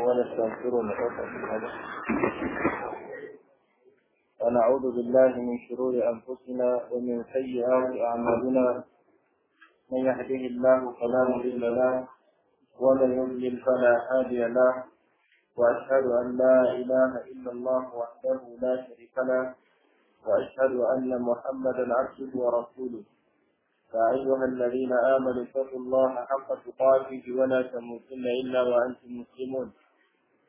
ونستغفره ونعوذ بالله من شرور أنفسنا ومن سيئات أعمالنا من يهده الله فلا مضل له ومن يضلل فلا هادي له وأشهد أن لا إله إلا الله وحده لا شريك له وأشهد أن محمدا عبده ورسوله يا أيها الذين آمنوا اتقوا الله حق تقاته ولا تموتن إلا وأنتم مسلمون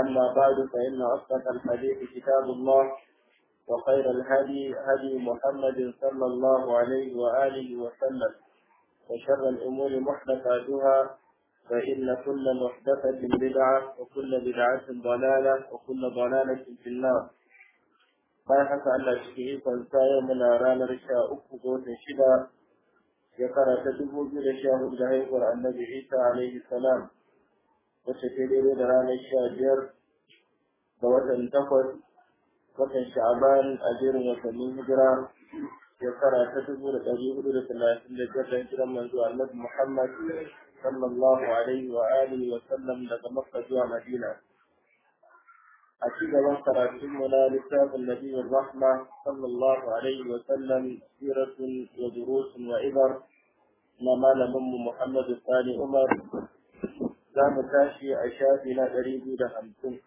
أما بعد فإن أصدق الحديث كتاب الله وخير الهدي هدي محمد صلى الله عليه وآله وسلم وشر الأمور محدثاتها فإن كل محدثة بدعة وكل بدعة ضلالة وكل ضلالة في النار باحث على شيء فانسايا من أران رشاء أكبر شدا يقرأ تدبو برشاه الجهيد النبي عيسى عليه السلام wacce ke daidai da ranar sha biyar ga watan takwas watan sha'aban a jerin watannin hijira shekara ta dubu da ɗari hudu da talatin da biyar da hijiran manzo annabi muhammad sallallahu alaihi wa alihi wa sallam daga makka zuwa madina a ci gaban karatun mu na littafin nabiyyin rahma sallallahu alaihi wa sallam siratun wa durusun wa ibar na malamin mu muhammadu sani umar za mu tashi a shafi na ɗari biyu da hamsin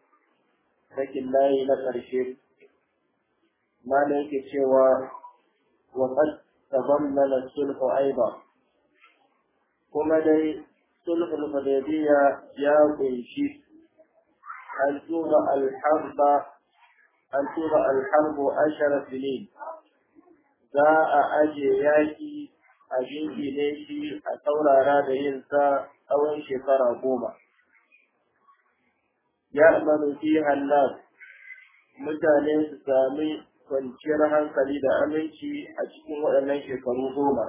sakin layi na ƙarshe Na yake cewa wa qad tabammala sulhu aiba kuma dai sulhul hudaybiyya ya kunshi an tura alharba an tura alharbu ashara sinin za a aje yaki a jinki shi a saurara da yin sa tsawon shekara goma. Ya fi hannas mutane su sami kwanciyar hankali da aminci a cikin waɗannan shekaru goma.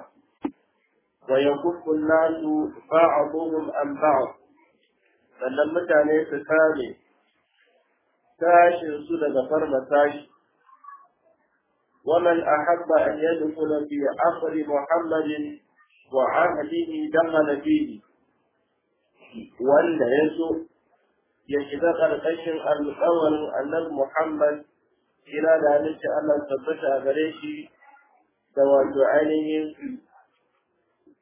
Wa yakuffun nasu ba'aduhum an ba'd sannan mutane su kame tashin su daga farma tashi. ومن أحب أن يدخل في عصر محمد وعهده دخل فيه wanda ya zo ya shiga ƙarƙashin alƙawarin annabi Muhammad ina da halitta Allah tabbata a gare shi da wato ainihin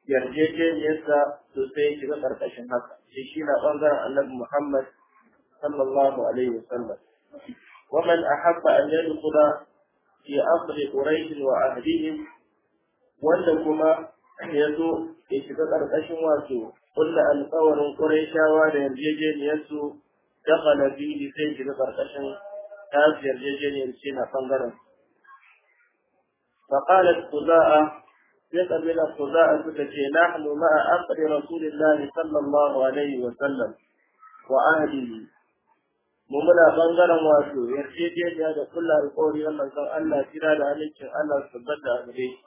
yarjejeniyarsa to sai ya shiga ƙarƙashin haka shi shi na ɓangaren annabi Muhammad sallallahu alaihi wasallam ومن أحب أن يدخل في أصل قريش وأهلهم وأن كما ya zo ya shiga ƙarƙashin wato kulla alƙawarin ƙurayshawa da yarjejeniyarsu dakhala fihi sai shiga ƙarƙashin tasu yarjejeniyar ce na ɓangaren فقالت خزاعة يقبل na تكي نحن مع أمر رسول sallallahu alaihi wa sallam wa وعهده mu muna ɓangaren wato yarjejeniya da kulla alƙawari na manzon Allah kira da halittar Allah su tabbata a gare shi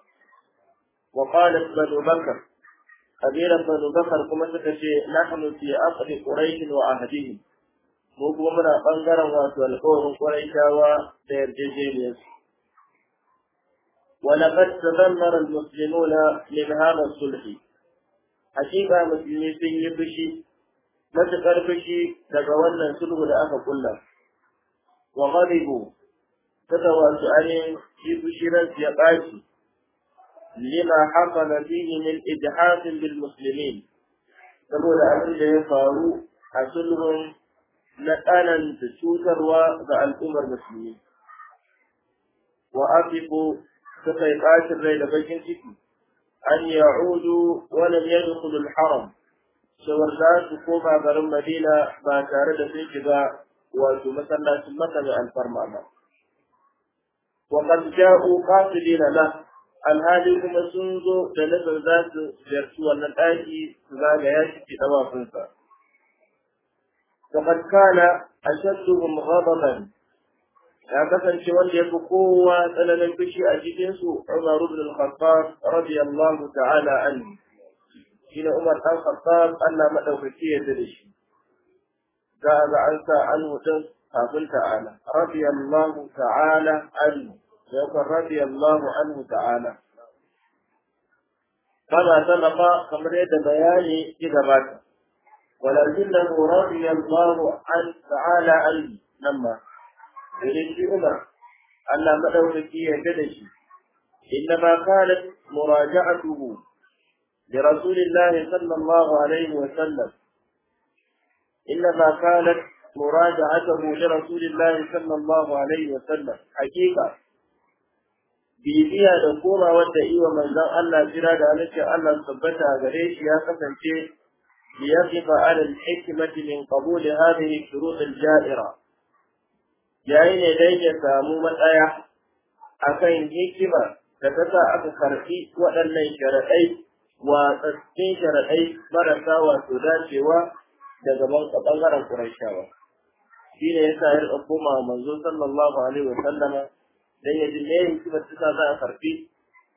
wa qala ibn kabilan banu bakar kuma suka ce nahnu fi aqli quraish wa ahdihim mu kuma muna bangaren wato alƙawarin quraishawa da yarjejeniyar su ولقد تذمر المسلمون من هذا الصلح حقيقة مسلمين sun yi fushi matuƙar fushi daga wannan sulhu da aka kulla wa ghadibu suka wasu ainihin shi fushi ran ya ɓaci لما حصل فيه من إجحاف بالمسلمين saboda abin da ya faru a sulhun na tsananta cutarwa ga al'ummar musulmi wa afiku suka yi ƙashin rai da bakin ciki an ya'udu walam yadkhulul haram Shawar za su koma garin madina ba tare da sun shiga wato masallacin masa mai alfarma ba wa qad ja'u qasidina na. alhali kuma sun zo da nazar za su ziyarci wannan ɗaki su zagaya shi ke ɗawafinsa. Kamar kana a shadduhum ghadaban ya kasance wanda ya fi kowa tsananin fushi a cikinsu umaru ibn al-Khattab radiyallahu ta'ala anhu shine Umar ɗan Khattab Allah madaukaki ya da shi ga ga an sa anhu din kafin ta'ala radiyallahu ta'ala anhu يقول رضي الله عنه تعالى كما سبق كمريد بياني في بات ولكنه رضي الله عنه تعالى عنه لما يريد عمر أن مدوكي يجدشي إنما كانت مراجعته لرسول الله صلى الله عليه وسلم إنما كانت مراجعته لرسول الله صلى الله عليه وسلم حقيقة bibiya da komawa da iwa manzon Allah jira da halittar Allah tabbata a gare shi ya kasance liyaqifa ala al-hikmati min qabul hadhihi shurut al-ja'ira yi ne dai ya samu matsaya a kan hikima da ta sa aka karɓi waɗannan sharaɗai watsatsin sharaɗai marasa wato dacewa daga ɓangaren ƙurashawa shi ne ya sa ya komawa manzo sallallahu alaihi wa sallama dan ya ji meye hikimar ta za a karfi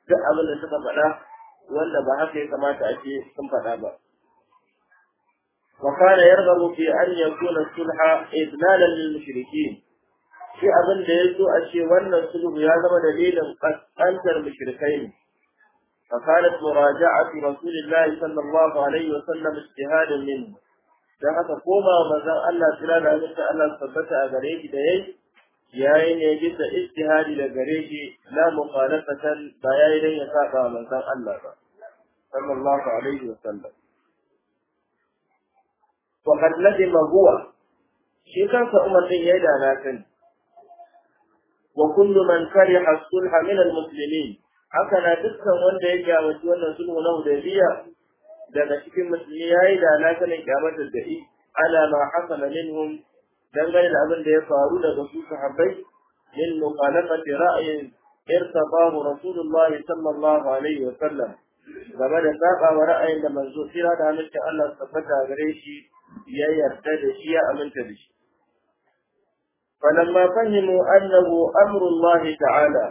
duk abin da suka faɗa wanda ba haka ya kamata a ce sun faɗa ba وكان يرغب في أن sulha الصلح إذلالا للمشركين shi abin da ya zo a ce wannan sulhu ya zama dalilin ƙasƙantar mushrikai ne فكانت مراجعة رسول الله صلى الله عليه وسلم اجتهاد منه Da haka koma mazan Allah tana da Allah tabbata a gare da yayi yayi ne gisa ijtihadi da gare shi la muqalafatan ba yayi dan ya saba manzon Allah ba sallallahu alaihi wasallam wa qad ma huwa shi kansa Umar din yayi da nakan wa kullu man kariha sulha min almuslimin haka na dukkan wanda ya kyamaci wannan sulhu na Hudaybiya daga cikin musulmi yayi da nakan kyamatar da i ala ma hasana minhum dangane da abin da ya faru daga su sahabbai min muqalafati ra'yin irtabahu rasulullahi sallallahu alaihi wa sallam game da saba ra'ayin da manzo kira da halitta Allah tabbata gare shi ya yarda da shi ya aminta da shi falamma fahimu annahu amru Allah ta'ala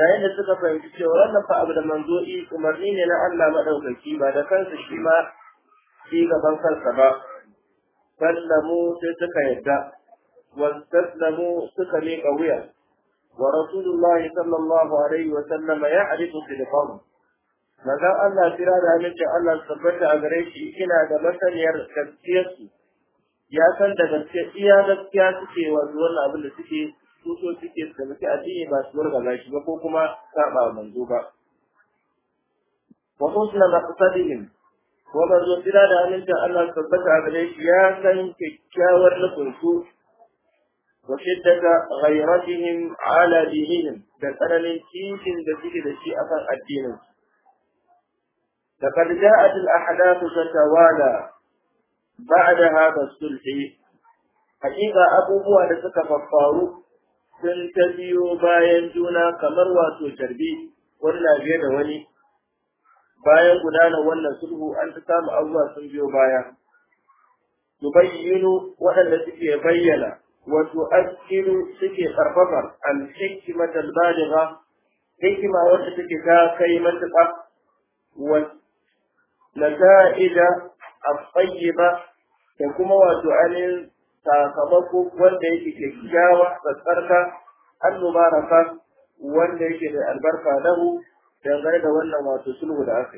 yayin da suka fahimci cewa wannan fa abu da manzo umarni ne na Allah maɗaukaki, ba da kansa shi ma shi gaban kansa ba sallamu sai suka yadda wastaslamu suka miƙa wuya wa rasulullahi sallallahu alaihi wa sallama ya arifu tilfahu maza Allah kira da aminci Allah tabbata a gare shi ina da masaniyar gaskiyarsu ya san da gaskiya iya gaskiya suke wasu wannan abin da suke tuto suke su tafi addini ba su wargaza shi ba ko kuma saba manzo ba wa husna maqsadihim ko manzo da amincin Allah tabbata a gare shi ya san kyakkyawar nufin su wa shiddata ghayratihim ala dinihim da tsananin kishin da suke da shi akan addinin لقد جاءت الأحداث تتوالى بعد هذا الصلح حقيقة أبوبها لتتفطر sun ta biyo bayan juna kamar wato jarbi wani na da wani bayan gudanar wannan sulhu an ta samu abubuwa sun biyo baya yubayyinu waɗanda suke bayyana wato tu'akkilu suke karfafa al-hikmat al-baligha hikima wacce take ta kai matuƙa wa nata'ija al-tayyiba da kuma wato anin sakamako wanda yake kyakkyawa tsarka al-mubaraka wanda yake da albarka lahu dangane da wannan wato sulhu da aka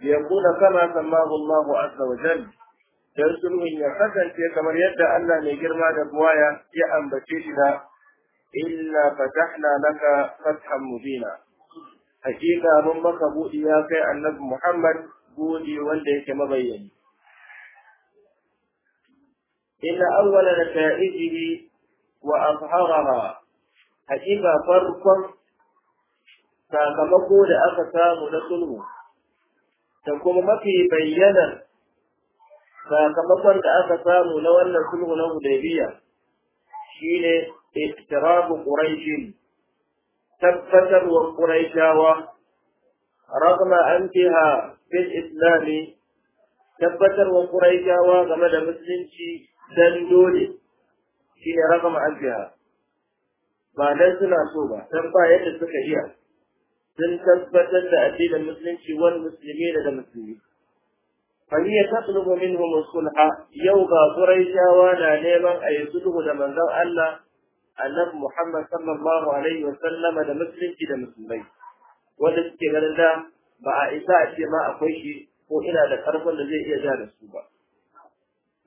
yi ya kuna kama sammahu Allah azza wa jal dan sulhun ya kasance kamar yadda Allah mai girma da buwaya ya ambace shi da inna fatahna laka fathan mubina hakika mun maka buɗi ya kai annabi Muhammad buɗi wanda yake mabayyani inna awwala nata'ijihi wa azharaha hakika farkon sakamako da aka samu na sulhu da kuma mafi bayyanar sakamakon da aka samu na wannan sulhu na hudaybiya shine iktirabu quraishin tabbatar wa quraishawa رغم أنتها في الإسلام tabbatar wa Quraishawa game da musulunci dan dole shine ragama alfiha ba dan suna so ba dan ba yadda suka iya sun tabbatar da addinin musulunci wal musulmi da musulmi فهي تطلب منهم الصلح يوغا قريشاوا لا نيمان اي صلح da manzon Allah annabi Muhammad sallallahu alaihi wa sallam da musulunci da musulmai wanda suke ganin da ba a isa a ce ma akwai shi ko ina da karfin da zai iya ja da su ba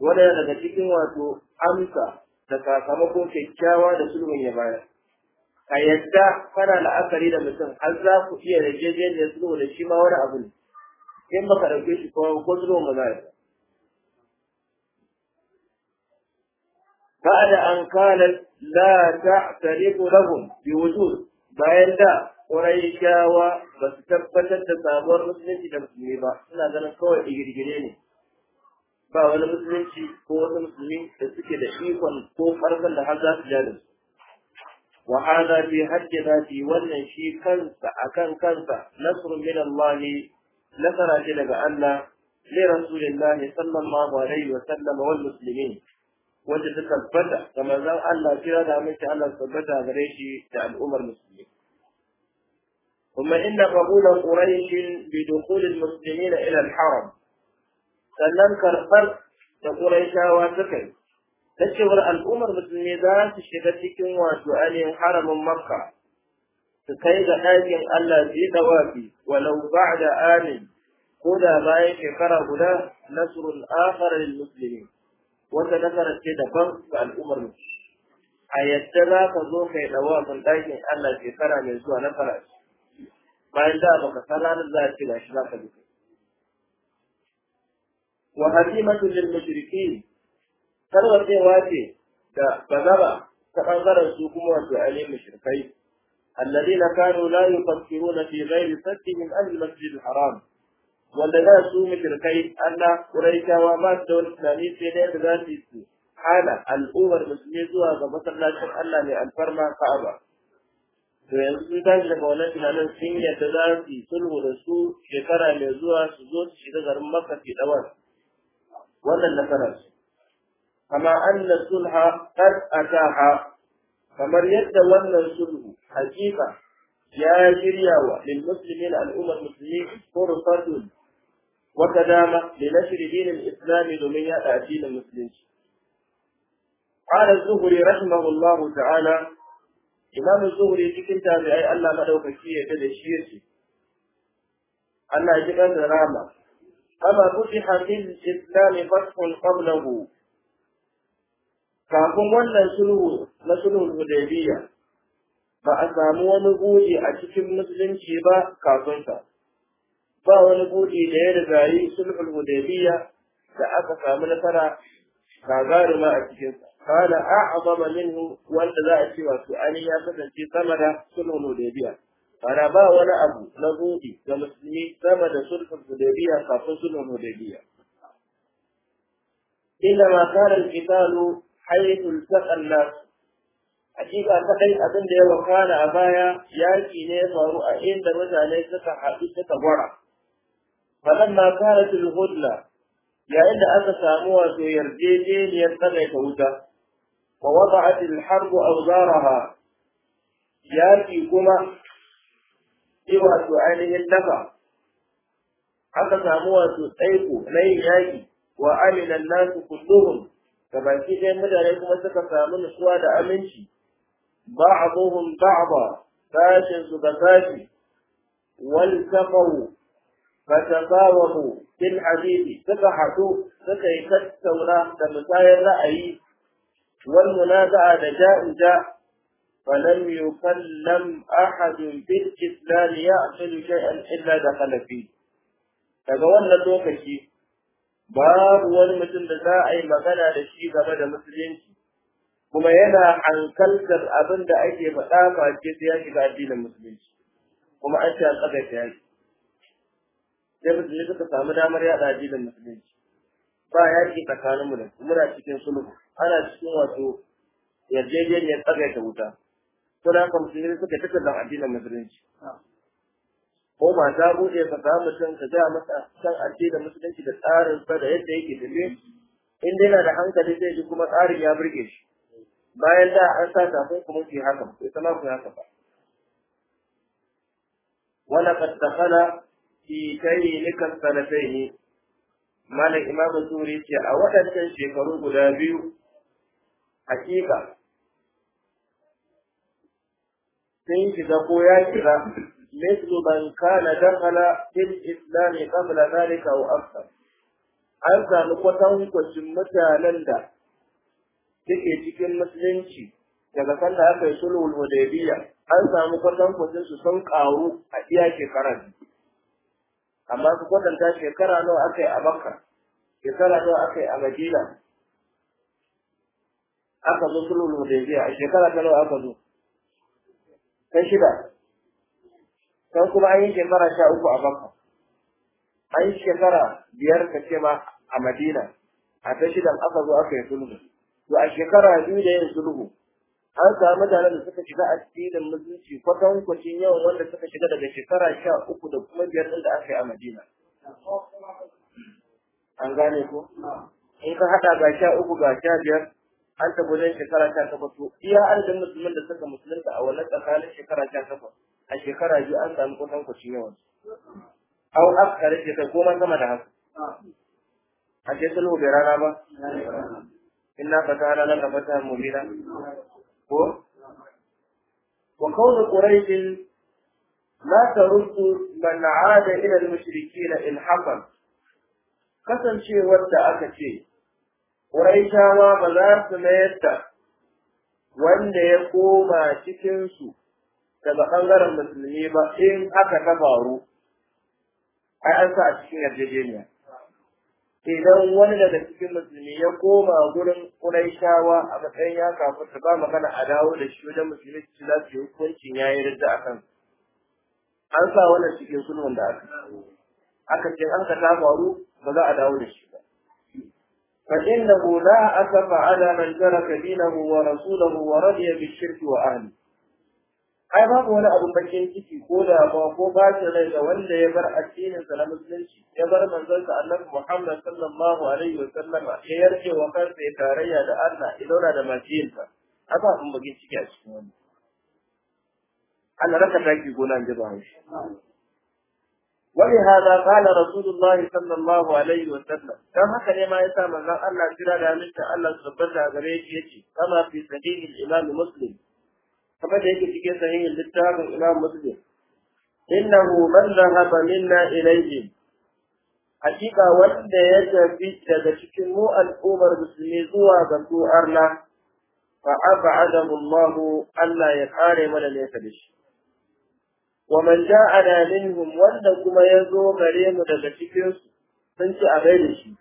wanda daga cikin wato amsa da sakamakon kyakkyawa da sulhun ya bayar kayyada yadda kana la'akari da mutum har za ku iya yarjejeniyar sulhu da shi ma wani abu ne in baka dauke shi ko ko sulhu ma za بعد أن قالت لا تعترف لهم بوجود bayan da ƙuraishawa ba su tabbatar da sabuwar musulunci da musulmi ba suna ganin kawai digirgire ne ba wani musulunci ko wasu musulmi da suke da ikon ko farkon da har za su ja da وهذا في حج ذاتي والنشي كنسة أكن كنسة نصر من الله نصر جلب أن لرسول الله صلى الله عليه وسلم والمسلمين وجد تثبت كما زال أن في هذا مثل أن تثبت غريش عن أمر المسلمين ثم إن قبول قريش بدخول المسلمين إلى الحرم سلم كرفت قريش واتكي na cewar al'ummar musulmi za su shiga cikin wato alin haramin makka su kai ga ɗakin Allah su da wafi walau ba'da amin ko da bayan shekara guda nasrun akhar lil muslimin wata nasara ce daban ga al'ummar musulmi a yadda za ka zo kai da wafin ɗakin Allah shekara mai zuwa na farashi bayan da baka sanar ranar za a ce shi za ka bi wa hazimatu lil mushrikin tarwatsewa ce da bazaba ta ɓangaren su kuma wato ainihin mushrikai yi كانوا na fi في غير min عن المسجد haram. wanda za su mutirkai Allah Quraishawa ba su da wani tunani sai da da za su yi Hala al'ummar musulmi zuwa ga masallacin Allah mai alfarma Ka'aba. To yanzu sun tashi daga wannan tunanin sun yadda za su yi sulhu da su shekara mai zuwa su zo su shiga garin Makka fi dawar. Wannan nasarar su. كما أن الصلح قد أتاح فمن يتولى الصلح حقيقة يا جريوة للمسلمين الأمة المسلمين فرصة وكدامة لنشر دين الإسلام دمية أعجين المسلمين قال الزهري رحمه الله تعالى إمام الزهري في كتابه أي أن ما لو فكية كذا شيرتي أن أجل أن رامة فتح في الإسلام فتح قبله kafin wannan sulhu na sulhul hudaybiya ba a samu wani gudi a cikin musulunci ba kafin sa ba wani gudi da ya riga yi sulhul hudaybiya da aka samu nasara garuma a cikin sa kana a'zama minhu wanda za a ce su an ya kasance sama da sulhul hudaybiya kana ba wani abu na gudi ga musulmi sama da sulhul hudaybiya kafin sulhul hudaybiya إنما كان القتال حيث التقى الناس عجيب أن أبن لي وكان أبايا يالكي نيسا أين درجة ليسك حقيقة ورع فلما كانت الهدلة لأن أن ساموها في يرجيجين يتقي كودة ووضعت الحرب أوزارها يالكي كما سوى سؤال النفع حتى ساموها تسعيك لي جاي وعمل الناس كلهم فبانكي جاي مدى عليكم أتكى فأمن سواء أمنشي بعضهم بعضا فاشن سبفاشي والتقوا فتفاوضوا في الحديث تفحتوا فكي تستونا كمساية رأي والمنازع نجاء جاء فلم يكلم أحد بالإسلام يأخذ شيئا إلا دخل فيه فقولنا توقفي babu wani mutum da za a yi magana da shi game da musulunci kuma yana hankaltar abin da ake faɗa ke sai ya shiga addinin musulunci kuma an ce an ta yaki sai musulmi suka samu damar yaɗa addinin musulunci ba yaƙi tsakanin mu da muna cikin sulhu ana cikin wato yarjejeniyar tsagaita wuta kuna kamar musulmi suka da addinin musulunci ko mu buɗe ka ga mutum ka ga masa san da musulunci da tsarin sa da yadda yake tafe in dai yana da hankali zai ji kuma tsarin ya burge shi bayan da an sa kafin kuma ku haka ba ita ma ku haka ba wala kad dakhala fi tayyilika sanatayn mana imamu suri ce a waɗancan shekaru guda biyu hakika sun shiga ko ya shiga مثل من كان دخل في الإسلام قبل ذلك أو أكثر an sami kwatankwacin mutanen da suke cikin musulunci daga kan da aka yi sulhul an sami kwatankwacin su sun karu a iya shekarar amma su kwatanta shekara nawa aka yi a makka shekara nawa aka yi a madina aka zo sulhul hudaybiya a shekara ta nawa aka zo ta shida sai kuma an yi shekara sha uku a makka an yi shekara biyar ka ce ma a madina a ta shidan aka zo aka yi sulhu to a shekara biyu da yin sulhu an samu mutanen da suka shiga addinin musulunci kwatan kwacin yawan wanda suka shiga daga shekara sha uku da kuma biyar ɗin da aka yi a madina an gane ko in ka haɗa ga sha uku ga sha biyar an tabbatar shekara sha takwas to iya adadin musulmin da suka musulunta a wannan tsakanin shekara sha takwas a shekara biyu an samu kusan kuci yawan su aw ke ya ta goma sama da haka a ce sun hube rana ba inna fatana lan fata mubira ko wa kaun quraish la tarudu man aada ila al mushrikeena in hafa kasancewar da aka ce quraishawa ba za su mayar da wanda ya koma cikinsu. daga ɓangaren musulmi ba in aka ta faru ai an sa a cikin yarjejeniya idan wani daga cikin musulmi ya koma gurin shawa a matsayin ya kafu ta ba magana a dawo da shi wajen musulmi su za su yi hukuncin ya yi ridda a kan an sa wannan cikin sulhun da aka aka ce an ka ta faru ba za a dawo da shi ba فإنه لا أسف على من ترك دينه ورسوله ورضي بالشرك وأهله ai babu wani abin bakin ciki ko da ba ko bacin rai da wanda ya bar addinin sa na musulunci ya bar manzon sa annabi Muhammad sallallahu alaihi wa sallam ya yarje wa kansa ya tarayya da Allah ya da majiyin sa ai ba abin bakin ciki a cikin wannan Allah raka taki gona in ji ba shi ولهذا قال رسول الله صلى الله عليه وسلم كان هكا لما يسمى الله ترى لا نشأ الله سبحانه وتعالى كما في صحيح الإمام مسلم kamar da yake cikin sahihin littafin Imam Muslim innahu man dhahaba minna ilayhi hakika wanda ya tafi daga cikin mu al'ummar musulmi zuwa ga su arna fa ab'adahu Allah Allah ya kare mana nesa da shi wa man ja'ana minhum wanda kuma ya zo gare mu daga cikin su sun ci a da shi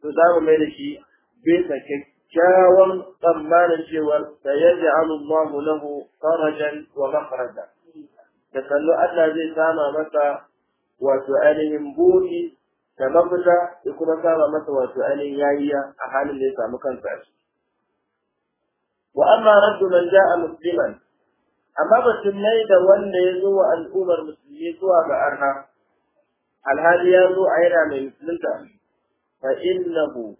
to za mu mai da shi bai sake kyawawan tsammanin cewa da ya ji alullahu lahu wa makaranta, da kallo Allah zai sama masa wato ainihin buri da mafita da kuma sama masa wato ainihin yayiya a halin da ya samu kansa shi. Wa amma raddu man ja'a musliman amma batun mai da wanda ya zo wa al'ummar musulmi zuwa ga arha alhali ya zo a yana mai musulunta fa innahu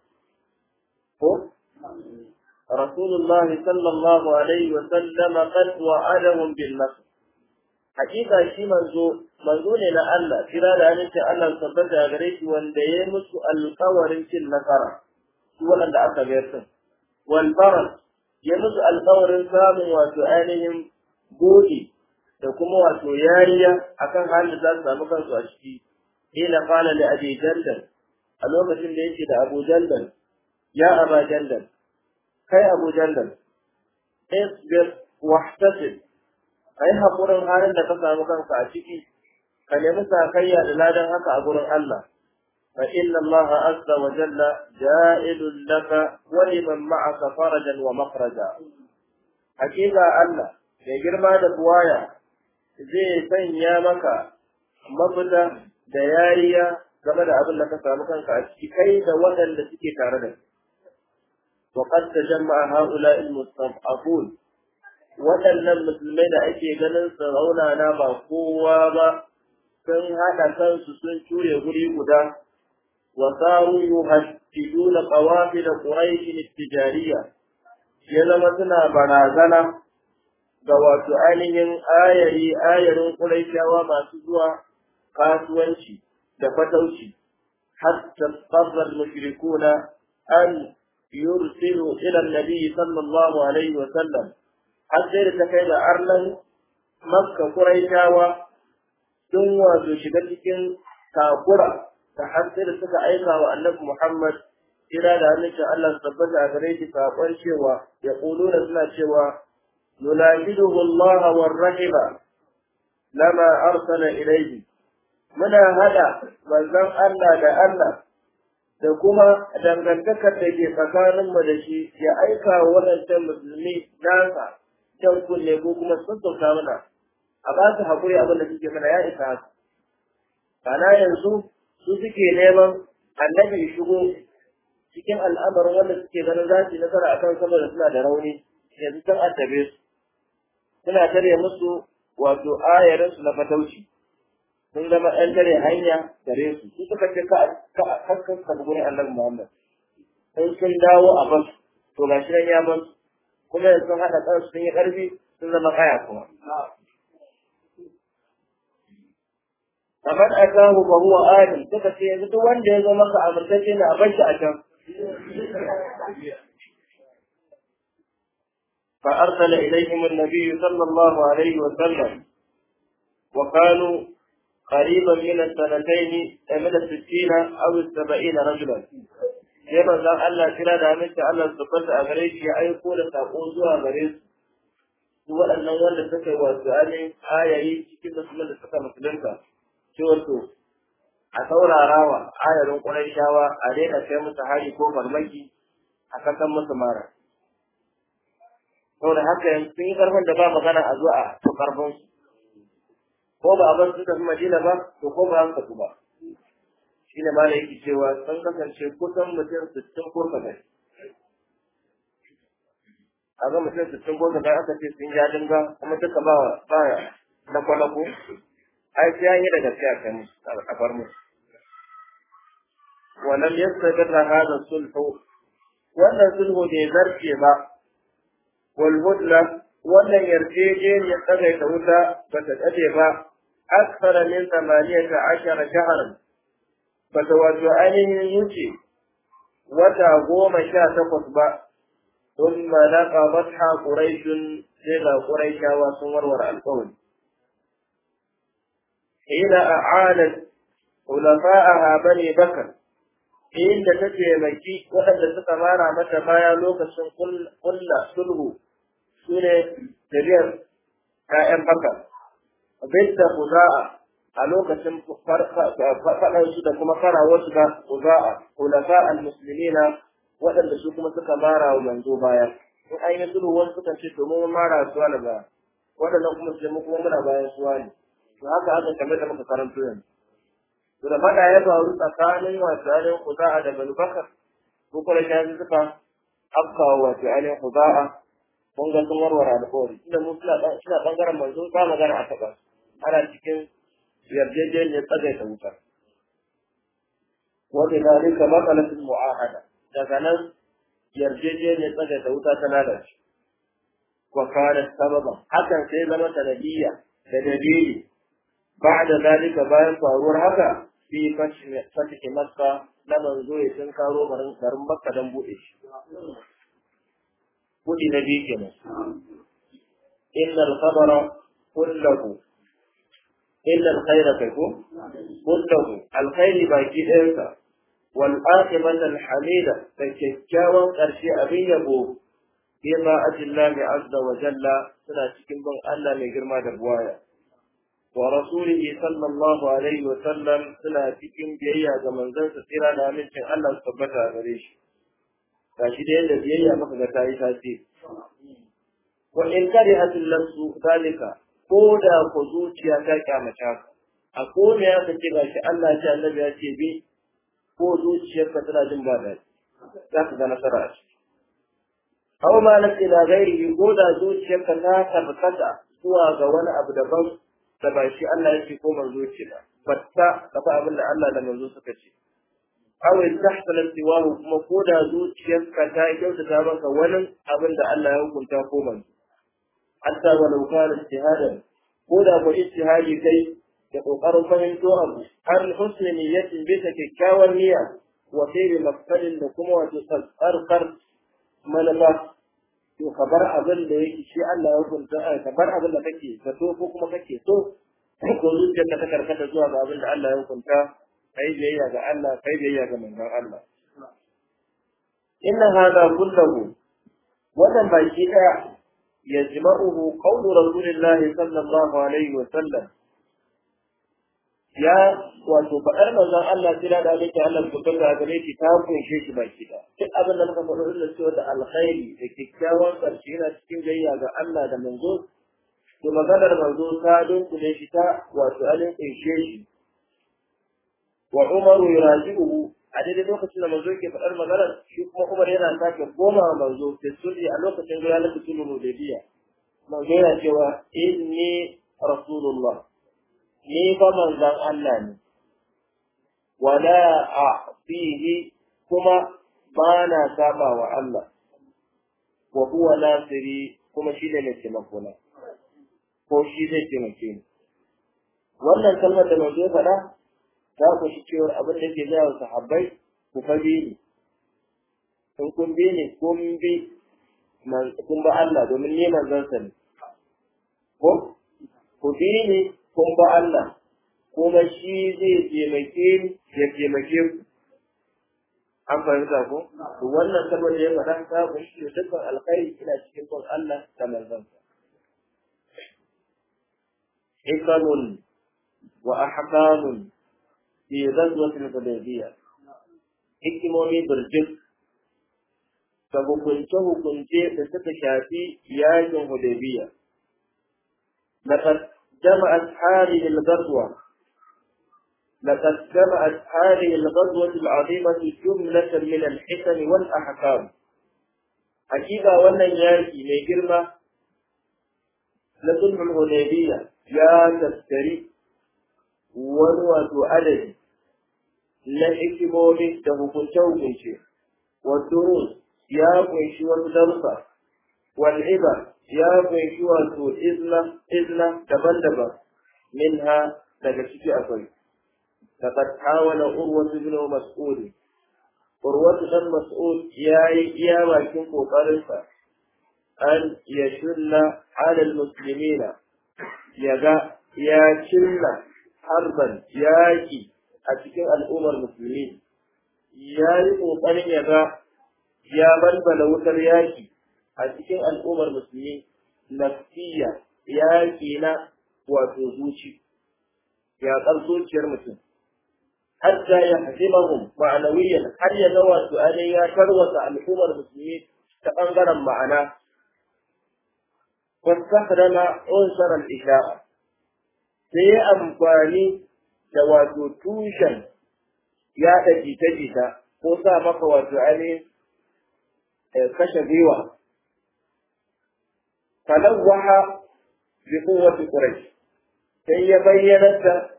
ko رسول الله صلى الله عليه وسلم قد وعدهم بالنصر حقيقة شي منزو منزو لنا الله كلا شاء الله ثبت أغريك وانديمس القور في النصر ولا دعك غيرتم والبرد يمس القور سام وسؤالهم بودي da kuma wato yariya akan halin da za su samu kansu a ciki ila qala li abi jandal a lokacin da yake da abu jandal ya aba jandal kai abu jandal isbir wahtasib kai hakurin halin da ka samu kanka a ciki ka nemi sakayya da ladan haka a gurin Allah fa inna Allah azza wa jalla ja'ilun laka wa liman farajan wa makhraja hakika Allah mai girma da buwaya zai sanya maka mafita da yariya game da abin da ka samu kanka a ciki kai da waɗanda suke tare da kai وقد تجمع هؤلاء المستضعفون waɗannan musulmai da ake ganin su na ba kowa ba sun haɗa kansu sun cure guri guda wa saru Ƙawafi da quraish tijariya ya zama suna barazana ga wato ainihin ayari ayarin quraishawa masu zuwa kasuwanci da fatauci hatta tsarra mushrikuna an يرسل إلى النبي صلى الله عليه وسلم حتى يتكيد أرلا مكة قريشاوة ثم تشبكك كاقرة حتى يتكيد وأنك محمد إلى ذلك ألا تبتع عليه كاقر شوى يقولون لنا شوى نناشده الله والرحمة لما أرسل إليه muna hada manzon Allah da Allah da kuma dangantakar da ke mu da shi ya aika waɗancan musulmi nasa can kunne ko kuma sun sassauta mana a ba su haƙuri abin da suke mana ya isa su. kana yanzu su suke neman annabi shigo cikin al'amarin wanda suke ganin za su yi nasara akan saboda suna da rauni yanzu can addabe su suna tare musu wato ayarinsu na fatauci sun zama ɗan dare hanya gare su su suka ce ka kaskanta gurin annabi muhammad sai sun dawo a bas to ga shi ya bas kuma yanzu sun haɗa kansu sun yi ƙarfi sun zama kaya kuma kamar akahu fa huwa ali suka ce yanzu duk wanda ya zo maka amintacce na a bar shi a can فأرسل إليهم النبي صلى الله عليه وسلم وقالوا قريبا من السنتين من الستين أو السبعين رجلا sai manzon Allah kira da aminci Allah su fata a gare shi ya aiko da sako zuwa gare su su waɗannan wanda suka yi wasu ainihin ayayi cikin musulman da suka musulunta cewa to a saurarawa ayarin ƙurayshawa a daina kai musu hari ko farmaki a kasan musu mara saboda haka yanzu sun yi karfin da ba magana a zuwa to karfin ko ba a su tafi madina ba to ko ba an tafi ba shi ne mana yake cewa sun kasance kusan mutum sittin ko kadan a ga mutum sittin ko kadan aka ce sun ja dinga kuma duka ba ba na ko. ai sai an yi da gaskiya kai mu. Wannan bar musu ka يستقر hada sulhu wannan sulhu bai zarce ba wal wannan yarjejeniyar tsagaita wuta ba ta tsade ba aksara min tamaniya ta ashara shahar ba ta wato ainihin yuce wata goma sha takwas ba sun ma na kamar ha ƙuraishin sai ga ƙuraishawa sun warware alƙawari. Ina a alat ulafa a habari bakar inda ta taimaki waɗanda suka mara mata baya lokacin kulla sulhu su ne zuriyar ‘ya'yan baka binta kuza'a a lokacin su da kuma wasu da kuza'a kulafa al-musulmina waɗanda su kuma suka mara wa manzo baya in an yi sulhu wasu suka ce domin mun mara suwa na baya waɗannan kuma su mu kuma muna bayan suwa ne to haka haka kamar da muka karanto yanzu to da faɗa ya faru tsakanin wasu ainihin kuza'a da banu bakar ko kuma shi suka afkawa wasu ainihin kuza'a mun ga sun warware alƙawari inda mu suna bangaren manzo ba magana a taɓa ana cikin yarjejeniyar tsagaita wuta wa bi dalika matalatul mu'ahada daga nan yarjejeniyar tsagaita wuta ta lalace wa kare sababa hakan sai zama sanadiyya da dalili Ba da zalika bayan faruwar haka fi fashi masa na manzo ya sun karo garin bakka don buɗe shi kudi na biyu kenan inna al-khabara kullahu illa al-khayra kai ko kullahu al-khayri baki ɗayansa wal aqibata al-hamida da kyakkyawan ƙarshe abin yabo bima ajillahi azza wa jalla suna cikin ban Allah mai girma da buwaya wa rasulihi sallallahu alaihi wa sallam suna cikin biyayya ga manzon tsira da amincin Allah su a gare shi gashi da yadda biyayya maka ga ta yi tasiri wa in kare hatin lansu zalika ko da ku zuciya ta kyamata haka a ko da ya kace gashi Allah ya annabi ya ce bi ko zuciyarka tana jin ba da za ka ga nasara a ciki aw ma nafsi ila ghairihi ko da zuciyarka ta tabbata zuwa ga wani abu daban da ba shi Allah ya ce ko manzo ce ba fatta kafa abin da Allah da manzo suka ce aw yastahsala siwahu kuma ko da zuciyarka ta kyautata maka wani abin da Allah ya hukunta ko ban hatta walau kana istihadan ko da ko istihadi kai da kokarin fahimto abu har ya niyyatin ta kyakkyawar niyya wa sai maqsadin da kuma wato tsarkar manufa to ka bar abin da yake shi Allah ya hukunta ka bar abin da kake zato ko kuma kake so ko zuciyarka ta karkata zuwa ga abin da Allah ya hukunta kai biyayya ga Allah kai biyayya ga manzon Allah inna hadha kulluhu wannan baki daya yajma'uhu qawlu rasulillahi sallallahu alaihi wa sallam ya wato faɗar manzon Allah sai da alƙi Allah su kalla gare shi ta kunshe shi baki daya duk abin da muka faɗo din cewa da alkhairi da kikkiawan karshe yana cikin gayya ga Allah da manzo to maganar manzo ta ne shi ta wato alin kunshe shi wa umaru yuraji'uhu a daidai lokacin da manzo ke faɗar maganar shi kuma umar yana sake koma manzo da sulhi a lokacin da ya lafi sulhu hudaybiya manzo yana cewa inni rasulullah ni fa manzon Allah ne wala a'tihi kuma ba na saba wa Allah wa huwa nasiri kuma shi ne mai taimakona ko shi zai taimake ni wannan kalmar da manzo ya faɗa Za ku shi cewa abin da ke gaya wa sahabbai ku fa bi ni in kun bi ni kun bi kun ba Allah domin ni manzansa ne ko ku bi ni kun ba Allah kuma shi zai taimake ni ya taimake ku an fahimta ko to wannan saboda ya faɗa ta kunshi dukkan alkhairi ina cikin kun Allah da manzansa hikamun wa ahkamun في غزوة الحديبية حكم من برجك فهو كنت هو كنت تستشافي في آية الحديبية لقد جمعت هذه الغزوة لقد جمعت هذه الغزوة العظيمة جملة من الحكم والأحكام أكيد أولا يأتي ميجرمة لظلم الهنيبية يا تفتري ونوة أدب na hikimomi da hukunce hukunce wato ya kunshi wani damsa wal'iba ya kunshi wato izna izna daban-daban min ha daga ciki akwai ta tattawana urwatu zino mas'udi urwatu dan mas'ud ya yi iya bakin kokarinsa an ya shirna halin musulmina ya ga ya cinna harban yaki a cikin al'ummar musulmi ya yi ƙoƙarin ya ga ya balbala wutar yaki a cikin al'ummar musulmi nafsiya yaki na wato zuci zuciyar mutum hatta ya hazimahum ma'anawiyan har ya ga wato ainihin ya tarwata al'ummar musulmi ta ɓangaren ma'ana wasahrama na al-isha'a sai amfani da wato tushen ya da jita-jita ko sa maka wato ainihin eh, kashe gwiwa falon waha bi kowace ƙurashi sai ya bayyana ta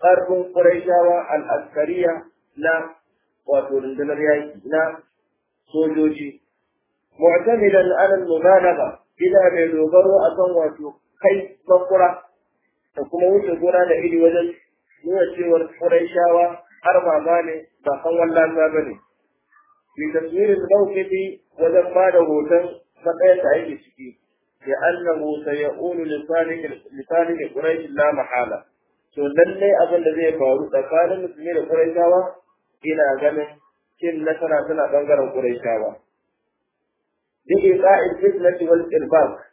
ƙarfin ƙurashawa al'askariya na wato rundunar yaƙi na sojoji mu'tamilan alal mubalagha ila bai dogaro akan wato kai makura da kuma wuce gona da iri wajen nuna cewar Qurayshawa har mama ne ba kan wallan ba ne bi tasmirin mawqifi wajen ba da hoton matsayin da ake ciki ya annahu sayaqulu li salik li salik Quraysh la mahala to lalle abin da zai faru tsakanin musulmi da Qurayshawa ina ganin cin nasara tana bangaren Qurayshawa bi iqa'il fitnati wal irbaq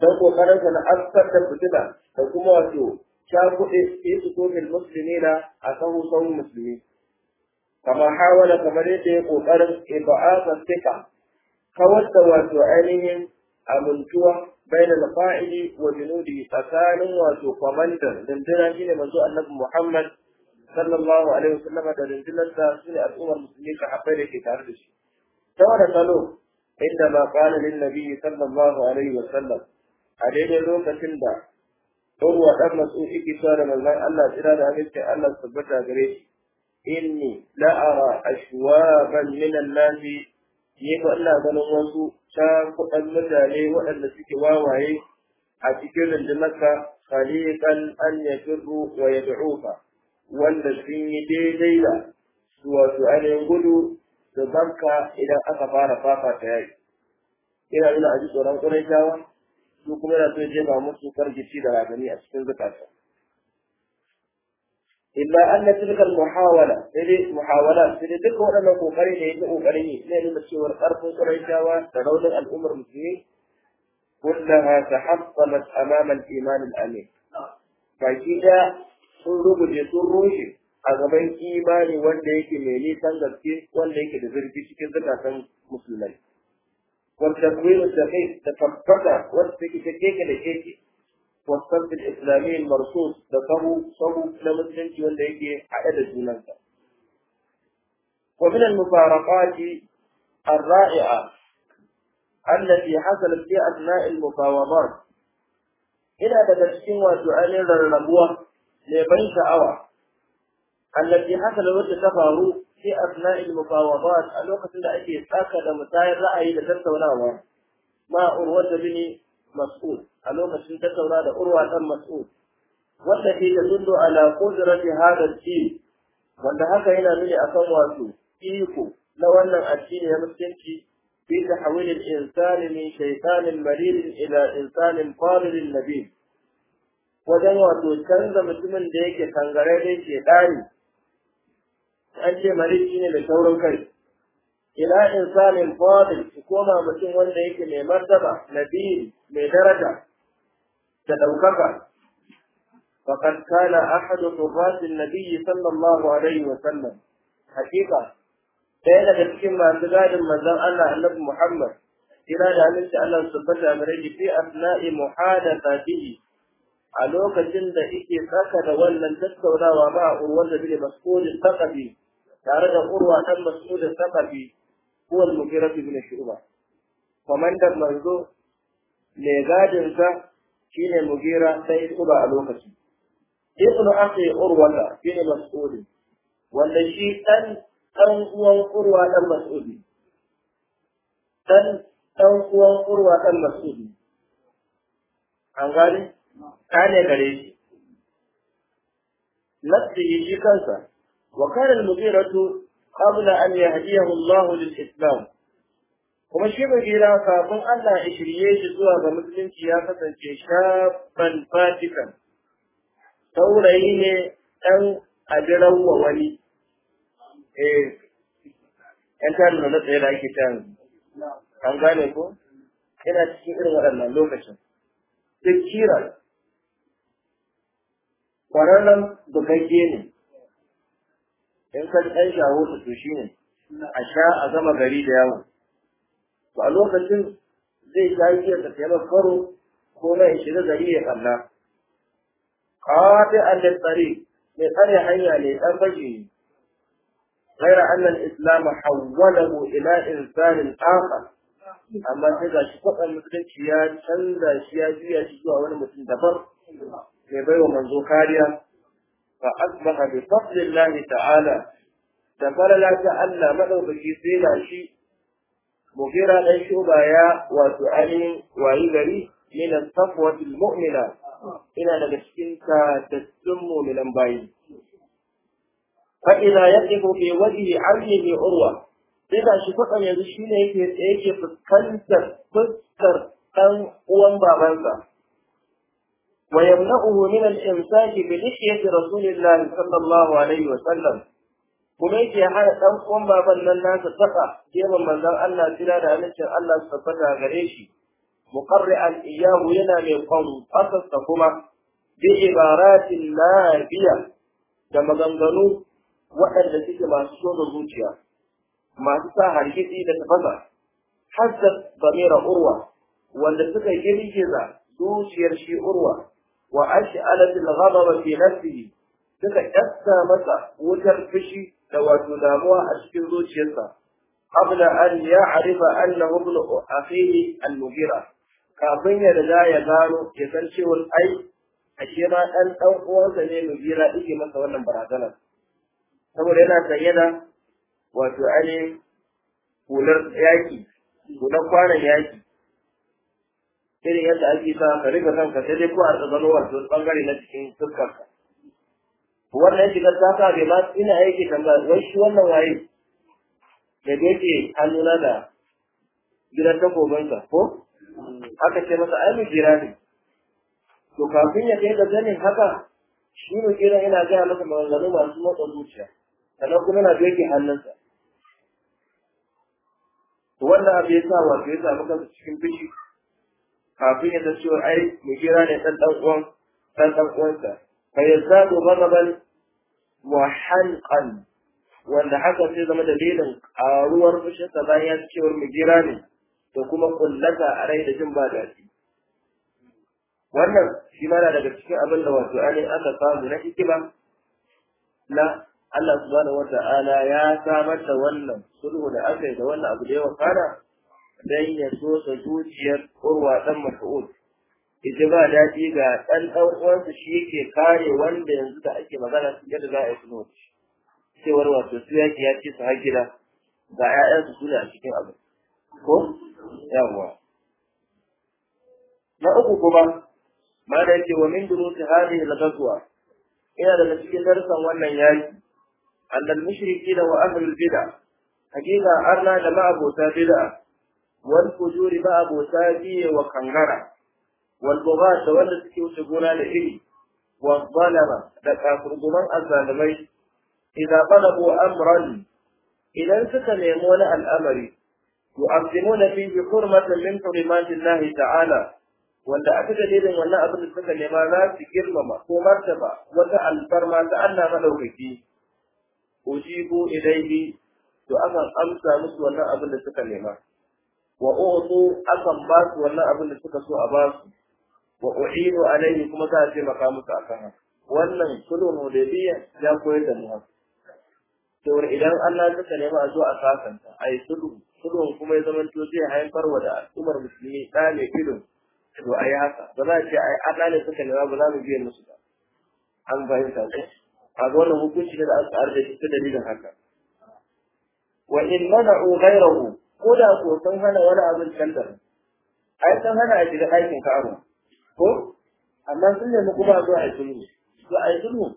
dan kokarin sa na asfar da fitina da kuma wato cakuɗe fi sufufin muslimina a sahu sahun musulmi kamar hawala kamar yadda ya ƙoƙarin iba'asa sika kawar da wato ainihin amintuwa bain al-fa'ili wa junudihi tsakanin wato kwamandan dindina shine manzo annabi Muhammad sallallahu alaihi da rundunarsa su al'ummar musulmi ka haɓai da ke tare da shi. Ta wani salo, inda ma ƙana lin nabi sallallahu alaihi wasallam a daidai lokacin da Urwa ɗan matsu iki sa da manzan Allah tsira da halittar Allah tabbata gare shi. Inni la'ara ashwaban minan nasi ni ko ina ganin wasu kuɗan mutane waɗanda suke wawaye a cikin rundunarka khaliqan an firru wa yad'uka wanda sun yi daidai da su wato ainihin gudu su banka idan aka fara fafa ta yayi ina nuna a ji tsoron ƙuraitawa su kuma yana so ya jefa musu fargici da ragani a cikin zukata illa anna tilkal muhawala sai dai muhawala sai dai duka waɗannan kokari da ya kokarin yi ne nuna cewar ƙarfin ƙuraishawa da raunin al'ummar musulmi kullaha tahaqqalat amama al-iman imanin amin baki ɗaya sun rubuje sun rushe a gaban imani wanda yake mai nisan gaske wanda yake da zurfi cikin zukatan musulmai والتكوين الدقيق تكبدا والتكيك لكيكي والصرف الإسلامي المرصوص ذكروا صوب لمسلمك والليكي عائلة جنانك ومن المفارقات الرائعة التي حصلت في أثناء المقاومات إلى تدرسين وسؤالين للنبوة لبين شعوة التي حصلت وتتفاروا fi abna'il mufawadat a lokacin da ake tsaka da musayar ra'ayi da tattaunawa ma urwat bin mas'ud a lokacin tattauna da urwa dan mas'ud wanda ke yadullu ala qudrati hadha al-din wanda haka yana nuni akan wato iko na wannan addini ya musulunci fi tahwil al-insan min shaytanin marid ila insanin qalil nabi wajen wato canza mutumin da yake kangare da yake dari an ce mariki ne mai saurin kai ila insanin fadil su koma mutum wanda yake mai martaba nabi mai daraja da daukaka na kana ahadu tufatin nabiyyi sallallahu alaihi wa sallam hakika ɗaya daga cikin masu gadin manzon Allah annabi Muhammad ina da aminci Allah subhanahu wa ta'ala fi asna'i muhadathatihi a lokacin da yake saka da wannan tattaunawa ba a urwar da bil mas'ul biyu. tare da urwa dan mas'ud da sababi huwa al-mughira ibn shu'ba komandan manzo mai gadin sa shine mugira sai uba a lokacin ibn akhi urwa da shine mas'ud wanda shi dan dan uwan urwa dan mas'ud ɗan dan uwan urwa dan mas'ud an gane kane gare shi nafsihi shi kansa وكان المغيرة قبل أن يهديه الله للإسلام kuma shi mugira kafin Allah ya shirye shi zuwa ga musulunci ya kasance shafan fatikan saurayi ne ɗan abiran wa wani eh ɗan tarin na tsaye da ake tarin an gane ko yana cikin irin waɗannan lokacin duk kira kwararren ne in ka ɗan shawo ta to shi ne a sha a gari da yawa. to a lokacin zai sha iya ta taimaka karo ko na shiga gari ya kalla qati al tsare, mai tsare hanya ne ɗan fage ne غير أن الإسلام حوله إلى إنسان آخر amma sai ga shi kwaɗa musulunci ya canza shi ya juya shi zuwa wani mutum dabar, mai baiwa manzo kariya فأصبح بفضل الله تعالى تفر لا تعالى مدو بكي سينا شيء مغيرا أن شبايا وسؤالين وعيدري من الصفوة المؤمنة إلى نبشكنك تسم من أنبائي فإذا يقف في وجه عمه عروة إذا شفقا يدشين يكي فسكنتر فسكر أن أوان بابنسا ويمنعه من الإمساك بلحية رسول الله صلى الله عليه وسلم kuma yake hana ɗan uwan baban nan nasa saka gefen manzon Allah jira da halittar Allah su tabbata gare shi al iyahu yana mai kwanfasarsa kuma bi ibaratin lafiya da maganganu waɗanda suke masu so da zuciya masu sa hargitsi da tafasa hassar zamira urwa wanda suka girgiza zuciyar shi urwa wa ash'alat al-ghadab fi nafsihi suka yassa masa wutar fushi da wato damuwa a cikin zuciyarsa abda an ya'rifa annahu ibn akhihi al mugira. kafin ya riga ya gano ya san cewa ai a ma dan dan uwansa ne mughira yake masa wannan barazana saboda yana sanye da wato ainihin hular hular kwanan yaki irin yadda ake sa ka rika kanka sai dai ko a tsazano wato bangare na cikin fuskarka wannan shiga ta sa bai ma ina aiki ba wai shi wannan waye da yake hannuna da gidan takobinsa ko aka ce masa ai mu jira ne to kafin ya kai ga sanin haka shi ne jira ina gaya masa maganganu masu motsa zuciya sannan kuma na da yake hannunsa to wannan abu ya sa wato ya samu kansa cikin fushi kafin ya san wa ai mu gira ne dan dan uwan dan dan uwansa fa yazadu ghadaban wa halqan wanda haka sai zama dalilin karuwar fushinsa bayan ya mu mugira ne da kuma kullaka a rai da jin ba daɗi wannan shi mana daga cikin abin da wato ai aka samu na hikima na Allah subhanahu wata'ala ya samar da wannan sulhu da aka yi da wannan abu da ya kana dan ya sosa zuciyar urwa dan mas'ud yaji ba daɗi ga ɗan ɗan shi yake kare wanda yanzu da ake magana yadda za a yi suno cewar wato su yaki ya ce su har gida ga 'ya'yansu su ne a cikin abu ko yawwa na uku kuma ma da yake wa min durusi hadi al-ghazwa ina daga cikin darsan wannan yaki annal mushriki da wa ahlul bid'a hakika arna da ma'abota bid'a والفجور باب ba abota والبغاة wa kangara wal da wanda suke wuce gona da iri wa zalama da kafurguman الأمر idan فيه amran idan suka الله تعالى al'amari yu'azzimuna fihi hurmatan min hurmatillahi ta'ala wanda aka dalilin wannan abin da suka nema za su girmama ko martaba wata alfarma ta Allah madaukaki ujibu ilaihi to akan amsa musu wannan abin da suka nema wa u'tu akan ba su wannan abin da suka so a ba su wa u'inu alaihi kuma za a maka musu akan wannan sulhul hudaybiyya ya koyar da mu to idan Allah suka nema a zo a sasanta ai yi sulhu sulhun kuma ya zama zamanto zai haifar wa da al'ummar musulmi ɗa mai filin to a yi haka ba za a ce ai Allah ne suka nema ba za mu biya musu ba an fahimta ko a ga wannan hukunci da aka arda shi da dalilin haka wa in mana'u ghayrahu ko da ko san hana wani abin canza ai san hana a da aikin karo ko amma sun ne kuma zuwa a cikin su a cikin su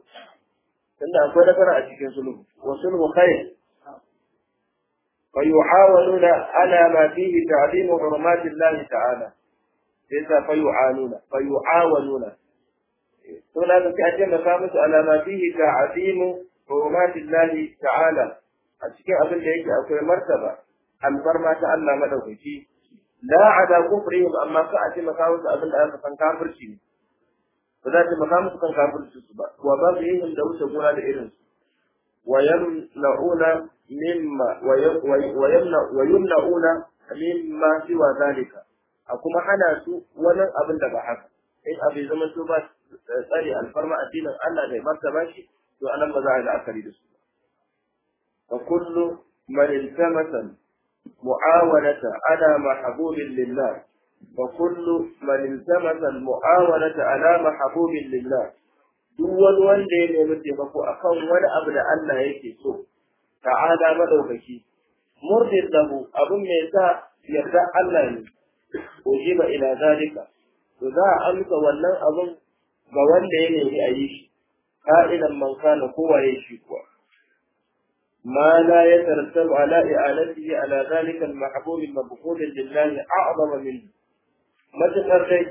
dan da akwai rakara a cikin su wa sulhu khair fayuhawaluna ala ma fihi ta'limu hurmati allah ta'ala Sai yasa fayuhaluna fayuhawaluna to na ga kace na samu su ala ma fihi ta'limu hurmati allah ta'ala a cikin abin da yake akwai martaba alfarma ta Allah madaukaki la ada kufrihim amma ka a taimaka ta abin da aka san kafirci ne ba za ta makamu musu kan kafirci su ba wa ba su da wuce gona da irin su wa yamna'una mimma wa yamna wa yamna'una mimma zalika a kuma hana su wani abin da ba haka in abin zama su ba tsari alfarma addinin Allah da ba shi to anan ba za a yi la'akari da su ba fa kullu man iltamasa معاونة على محبوب لله وكل من التمس المعاونة على محبوب لله duk wani wanda ya nemi taimako akan wani abu da Allah yake so ta'ala madaukaki murdin lahu abu mai sa yarda Allah ne ba ila zalika to za a amsa wannan abun? ga wanda ya nemi a yi shi ka'idan man kana kowa ya kuwa ما لا يترتب على إعانته على ذلك المحبوب المبخول لله أعظم منه matuƙar dai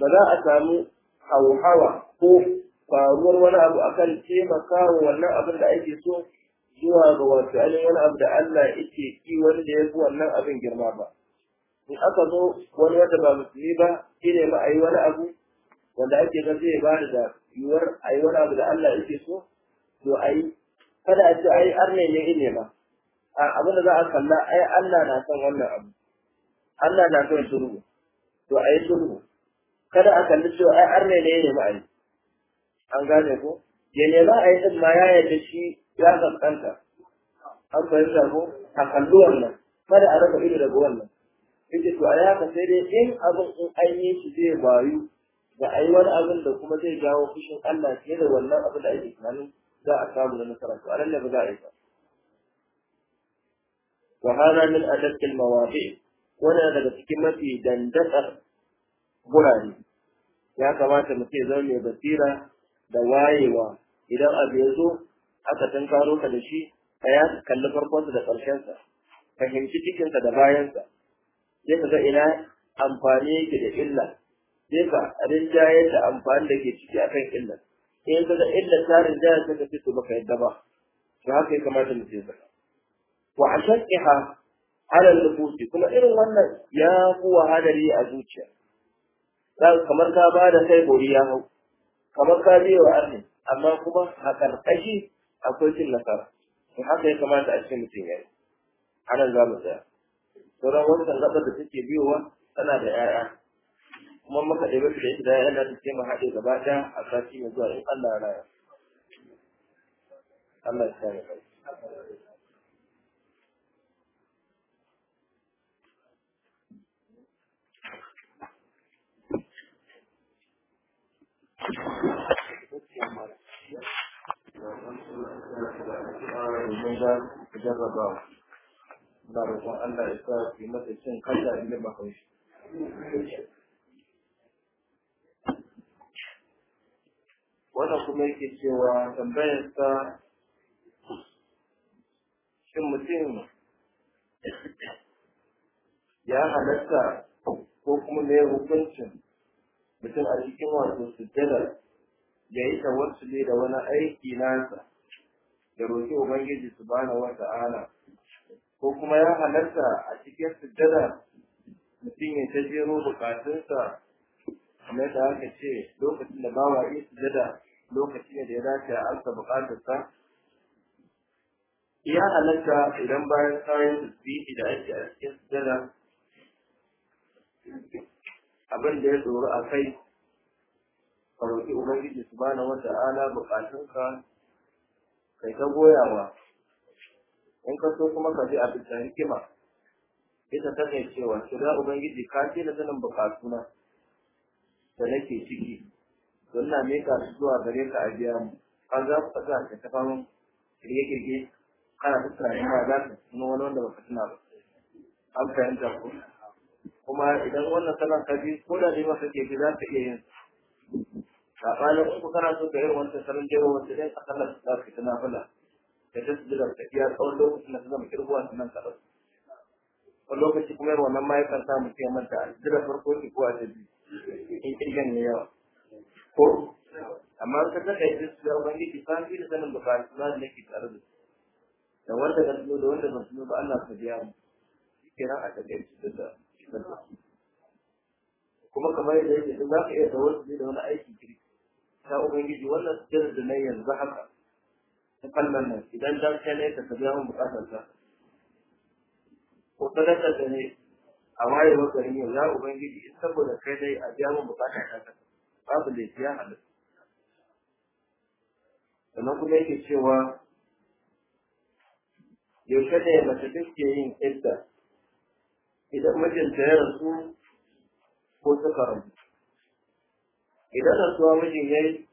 ba za a sami hauhawa ko faruwar wani abu akan taimaka wa wannan abin da ake so zuwa ga wato ainihin wani abu da Allah yake ki wanda ya fi wannan abin girma ba. In aka zo wani wanda ba musulmi ba shi ne a yi wani abu wanda ake ga zai ba da yiwuwar a yi wani abu da Allah yake so to a yi kada a ce ai arne ne ile ba a abin da za a kalla ai Allah na son wannan abu Allah na son sulhu to ai sulhu kada a kalli cewa ai arne ne ile ba ai an gane ko ya nema a yi din ma ya yarda shi ya kankanta an fahimta ko a kalli wannan kada a raka ido daga wannan yake to ai haka, sai dai in abin in an yi shi zai bayu da ai wani abin da kuma zai jawo fushin Allah fiye da wannan abin da ake tunanin za a samu da nasara to alalle ba za a yi ba wa hada min adad mawaɗe wani daga cikin mafi dandatsar gurare ya kamata mu ce zan mai basira da wayewa idan abu ya zo aka tunkaro ka da shi ka ya kalli farkonsa da ƙarshensa fahimci cikinsa da bayansa sai ka ga ina amfani yake da illa sai ka rinjaye da amfani da ke ciki akan illar in ga illa tarin jaya ta tafi to baka yadda ba to haka ya kamata mu ce zaka wa ashaqiha ala al-nufusi kuma irin wannan ya fi wahalari a zuciya kamar ka ba da kai gori ya hau kamar ka je wa arni amma kuma a karkashi akwai cin nasara to haka ya kamata a cikin mutum ya yi. anan za mu tsaya sauran wannan gaba da take biyowa tana da 'ya'ya kuma maka ɗaya da ida yana da ke haɗe gaba ɗaya a sati mai zuwa in Allah ya raya. Allah ya sa ya kai. Allah ya sa yi kasa wannan kuma yake cewa tambayarsa shin mutum ya halatta ko kuma ne hukuncin mutum a cikin wato dada ya yi ne da wani aiki nasa da roƙi ubangiji bana wata ana ko kuma ya halarta a cikin sujjada mutum ya ta jero bukatunsa kamar da aka ce lokacin da bawa yi sujjada lokaci da ya dace a amsa bukatarsa ya halarta idan bayan kayan tasbihi da ake a cikin sujada abin da ya tsoro a kai ka roƙi ubangiji wata ala bukatunka kai ta goyawa in ka so kuma ka je a bisa hikima ita ta kai cewa shiga ubangiji ka ce na sanin bukatuna da nake ciki Wannan ina meka su zuwa gare ka a biya mu ka za ku saka ka tafa mun kirge-kirge kana tattara ba za ka tuna wani wanda ba su tuna ba an fahimta ko kuma idan wannan salon ka bi ko da dai ba kake bi za ka iya yin saɓanin uku kana so ka yi wancan salon jero wancan ɗin a sallar za ka tuna fula da ta tsira ta iya tsawon lokacin da ka zama kirguwa sannan ka ɗauki wani lokaci kuma yin wannan ma yakan sa ya manta a tsira farko ki kuwa ta biyu in kirgen ne yawa ko amma ka ta kai duk da ubangiji san bi da sanin bukatu ba da yake tare da da wanda ka da wanda ba ba Allah ka biya mu kira a ta kai da da kuma kamar yadda yake din za ka iya tawassuli da wani aiki kiri. ta ubangiji wannan sirrin da nayi yanzu haka ta kallon nan idan dan ka ne ka biya mu bukatar ka ko sadaka da ne a wayewar garin yau ya ubangiji saboda kai dai a biya mu bukatar ka أضلت يعلم فنقول لك شوى لو كان يا ما إذا ما جنت يا رسول قلت إذا رسول ما جنت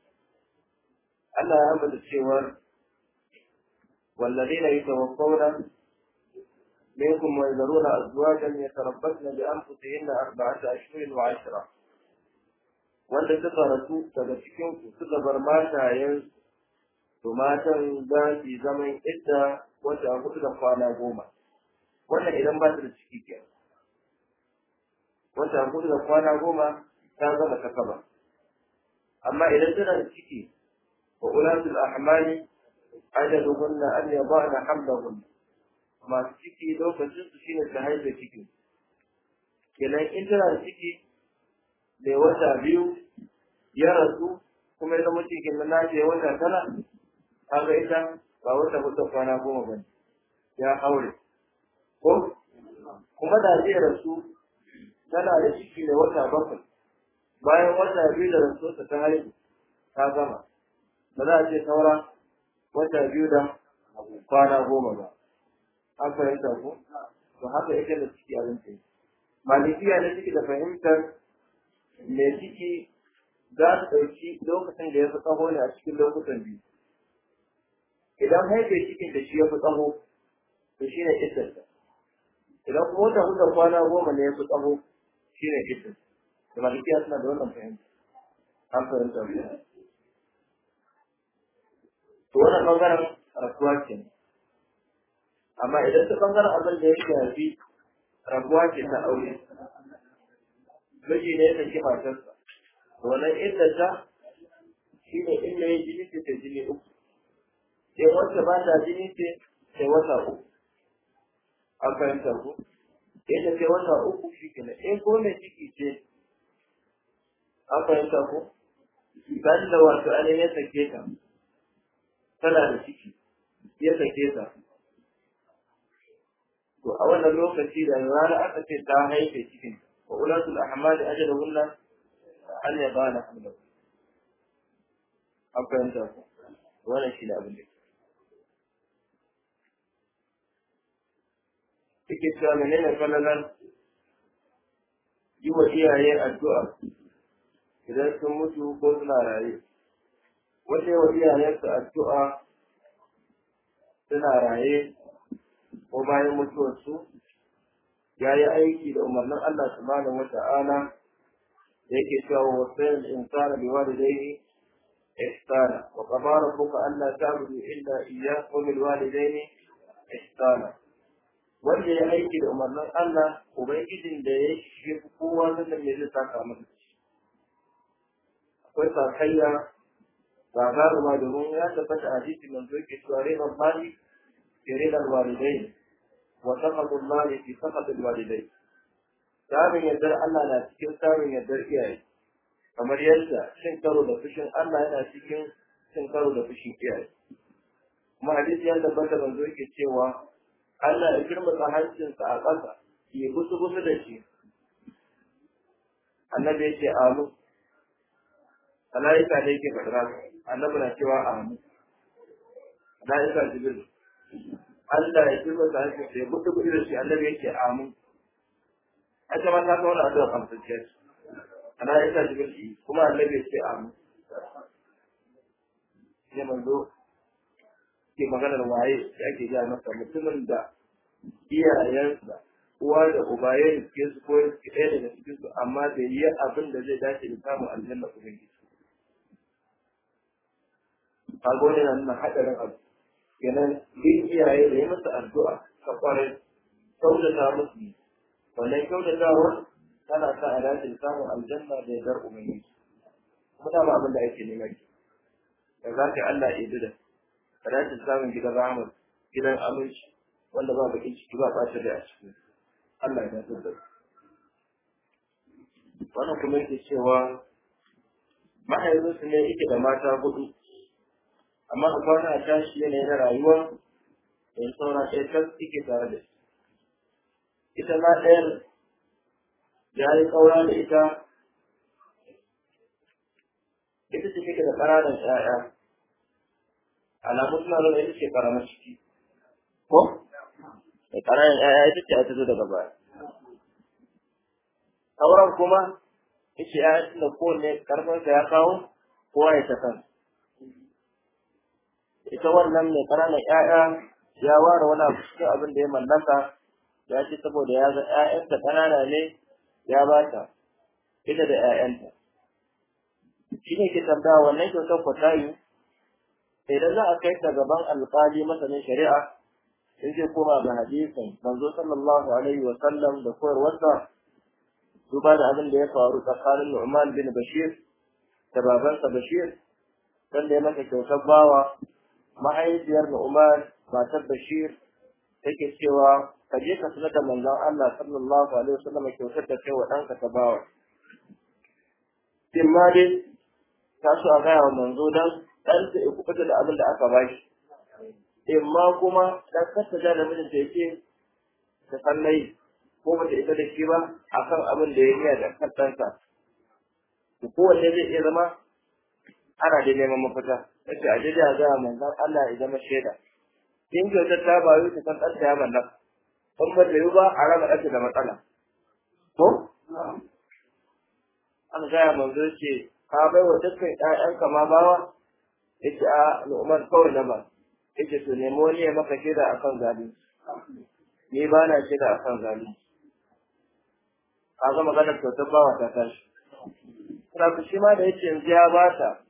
أنا أمد شوى والذين يتوفون منكم ويذرون أزواجا يتربصن بأنفسهن أربعة أشهر وعشرة wanda suka rasu daga cikin su suka bar matayen su matan za su zaman idda wata hudu da kwana goma wannan idan ba su da ciki ke wata hudu da kwana goma ta zama ta kaba amma idan tana da ciki wa ulatul ahmali ajaluhunna an yadana hamlahunna masu ciki lokacin su shine ta haife ciki kenan in tana da ciki bai wata biyu ya rasu kuma ya zama cikin na ce wata tara kaga ita ba wata kusa kwana goma ba ne, ya aure ko kuma da zai rasu tana da ciki da wata bakwai bayan wata biyu da rasu ta haihu ta gama ba za a ce saura wata biyu da kwana goma ba an fahimta ko to haka ita da ciki abinci. ta yi malikiya da ciki da fahimtar mai ciki za su ɗauki lokacin da ya fi tsaho ne a cikin lokutan biyu idan haifai cikin da shi ya fi tsaho to shi ne isarta idan kuma wata hudar kwana goma ne ya fi tsaho shi ne isarta da malikiya suna da wannan fahimta an fahimta biyu to wannan ɓangaren rasuwa ce amma idan ta ɓangaren abin da ya shafi rabuwa ce ta aure miji ne ya saki matarsa wannan ta? shi ne in ya yi jini ce ta jini uku in wacce ba ta jini ce sai wata uku an fahimta ku Inda ta sai wata uku shi ke in ko mai ciki ce an fahimta ku ban da wato an ya sake ta tana da ciki ya sake ta to a wannan lokaci da rana aka ce ta haife cikin وأولاة الأعمال أجلهن أن يضعن حملهن an fahimta ku wannan shi ne abin da suke cewa menene falalar yi wa iyaye addu'a idan sun mutu ko suna raye wanda yi wa iyayensu addu'a suna raye ko bayan mutuwarsu ya yi aiki da umarnin Allah subhanahu wata'ala da yake cewa wa sayyid insana bi walidayhi ihsana wa qada rabbuka alla ta'budu illa iyyahu wa bil walidayni ihsana wanda ya aiki da umarnin Allah ubangijin da ya shi kowa da me zai saka masa akwai sakayya da domin ya tabbata a hadisi manzo yake tsare rinan mali ke da walidayni wa taqalu Allah fi saqat al-walidai samun yardar Allah na cikin samun yardar iyaye kamar yadda cin karo da fushin Allah yana cikin cin karo da fushin iyaye kuma hadisi ya tabbata banzo yake cewa Allah ya girmama hancinsa a ƙasa ya gusu da shi annabi ya ce amu malaika ne yake faɗa annabi na cewa amu malaika jibril Allah ya kirba ta hankali sai buɗe ku da shi annabi yake amin a ta mata da wani addu'a kamtacciyar ana ji jibilci kuma Allah ya ce amin ne manzo ke maganar waye ya ke gaya masa mutumin da iyayensa uwa da uba ya rike su ko ya ɗaya daga cikin su amma bai yi abin da zai dace da samun aljanna ubangiji kaga nan na nuna haɗarin abu kenan din iyaye da yi masa addu'a ta kwarai kyautata musu wannan kyautatawar tana sa a dacin samun aljanna da yardar ubangiji kuma ta abin da ake nema ki da za ka Allah ya bi da ka samun gidan rahama gidan aminci wanda ba bakin ciki ba ɓacin da a cikin Allah ya dace da wannan kuma yake cewa mahaifinsu ne yake da mata hudu amma a kwanan a tashi yanayi na rayuwa da ya saura ɗaya kan suke tare da shi ita ma ɗayan ya yi ƙaura da ita ita ce take da ƙananan ƴaƴa alamun suna nuna ita ce ƙaramar ciki ko da ƙananan ƴaƴa ita ce a ta zo daga baya sauran kuma ita ƴaƴa suna kowanne ƙarfinsa ya kawo kowa ya ta kansa ita wannan mai ƙananan ƴaƴa ya ware wani abu cikin abin da ya mallaka ya ce saboda ya ga ƴaƴanta ƙanana ne ya ba ta ita da ƴaƴanta shi ne ke tambaya wannan kyautar ku idan za a kai ta gaban alƙali masanin shari'a in zai koma ga hadisin manzo sallallahu alaihi wa sallam da koyarwarsa duba da abin da ya faru tsakanin Nu'man bin Bashir da babansa Bashir da ya masa kyautar bawa mahaifiyar Nu'man matar Bashir take cewa ka je ka sanar da manzon Allah sallallahu alaihi wasallam kyautar da kai wa ɗanka ta bawa in ma dai ta so a gaya wa manzo dan ta iku fita da abin da aka bashi in ma kuma ɗan kasta da namijin da yake da sannai ko bata isa da shi ba a kan abin da ya niya da kan ɗansa kowanne zai iya zama ana da neman mafita yace a jira ga manzon Allah ya zama shaida kin kyautar ta tabayu ta san ɗanta ya mallaka in ba ta yi ba a raba ɗanta da matsala ko an gaya manzo ce ka bai wa dukkan ka ma bawa yace a Umar kawai na ba yace to nemo ne maka sheda akan zalim ni ba na sheda akan zalim ga magana kyautar bawa ta tashi kuma shi ma da yace yanzu ya bata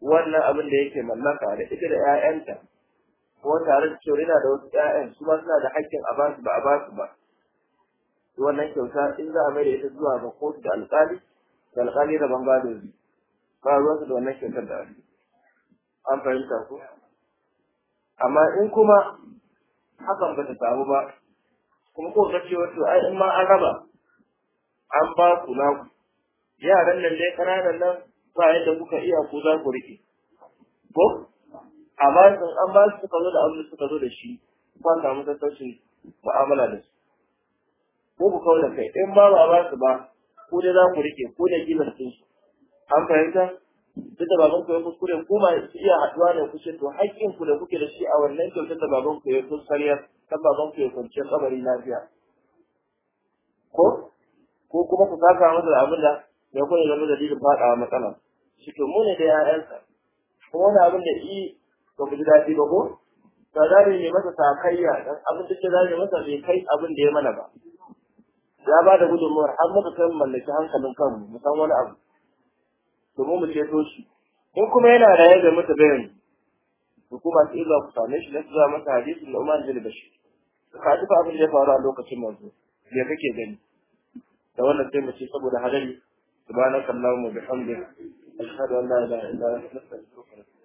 wannan abin da yake mallaka da ita da 'ya'yanta ko tare da cewa yana da wasu 'ya'yan su ma suna da haƙƙin a basu ba a basu ba wannan kyauta in za a mai da ita zuwa ga kotu da alƙali da alƙali da gado bi ba ruwansu da wannan kyautar da ake an fahimta ko amma in kuma hakan ba ta samu ba kuma ko ta ce wato ai in ma an raba an ba ku na yaran nan dai ƙananan nan ba yadda kuka iya ku za ku riƙe ko amma sun an ba su suka zo da abin suka zo da shi ba samu sassaucin mu'amala da su ko ku kawo da kai in ba ba ba su ba ko dai za ku riƙe ko da gilar su an fahimta duk da baban ku ya kuskure ko ma iya haɗuwa da kuce to haƙƙin ku da kuke da shi a wannan kyautar da baban ku ya kuskure kan baban ku ya kwanciyar kabari lafiya ko ko kuma ku saka masa da abin da ya kuma zama dalilin faɗawa matsalar shi to ne da ƴaƴansa ko wani abin da yi ba ku ji daɗi ba ko ba za mu yi masa takayya dan abin da za mu yi masa bai kai abin da ya mana ba ya ba da gudunmuwar har muka kai mallaki hankalin kanmu mu san wani abu to mu mu ceto shi in kuma yana da yadda mutu bayan hukuma ta ila ku same shi na zuwa masa hadisin da Umar da bashi. ka duka abin da ya faru a lokacin manzo me kake gani da wannan sai mu ce saboda hadari subhanakallahumma bihamdika أشهد أن لا إله إلا أنت